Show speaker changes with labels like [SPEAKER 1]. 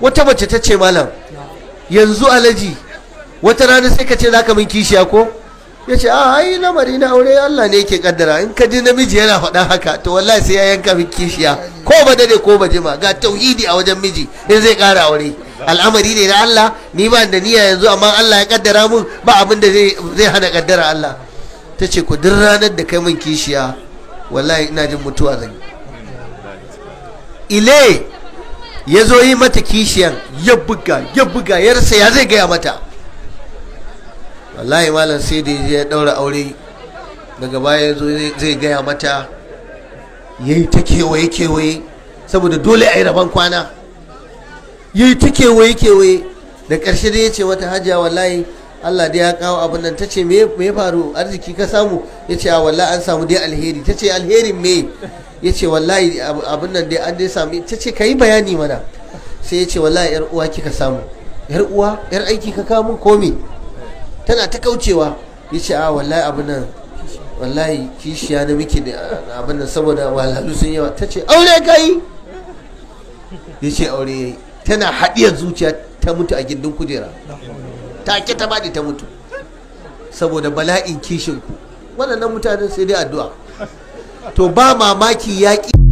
[SPEAKER 1] wata mace ta ce malam yanzu alaji wata rana sai ka ce za ka min kishiya ko ya ce a ah, ai lamari na aure Allah ne yake kaddara in ka ji namiji yana faɗan haka to wallahi sai ya yanka min kishiya ko ba dare ko ba jima ga tauhidi a wajen miji in zai ƙara aure al'amari ne na Allah ni ba da niyya yanzu amma Allah ya kaddara mun ba abin da zai hana kaddara Allah ta ce ku duk ranar da kai min kishiya wallahi ina jin mutuwa zan ile ya zo yi mata kishiyan ya buga ya buga ya rasa ya zai gaya mata wallahi malam sai da ya daura aure daga baya zo zai gaya mata ya yi ta kewaye kewaye saboda dole a yi rabon kwana ya yi ta kewaye kewaye da ƙarshe da ya ce wata hajiya wallahi Allah dai ya kawo abin nan tace me me faru arziki ka samu yace a ah, wallahi an samu dai alheri tace alherin me yace wallahi abin nan dai an dai samu tace kai bayani mana sai yace wallahi yar uwa kika samu yar uwa yar aiki ka kawo mun komi tana ta kaucewa yace a ah, wallahi abin nan wallahi kishiya na miki da abin nan saboda wahalhalu sun yawa tace aure kai yace aure tana hadiyar zuciya ta mutu a gindin kujera take ta baɗi ta mutu saboda bala'in kishinku waɗannan mutanen sai dai addu'a to ba mamaki yaƙi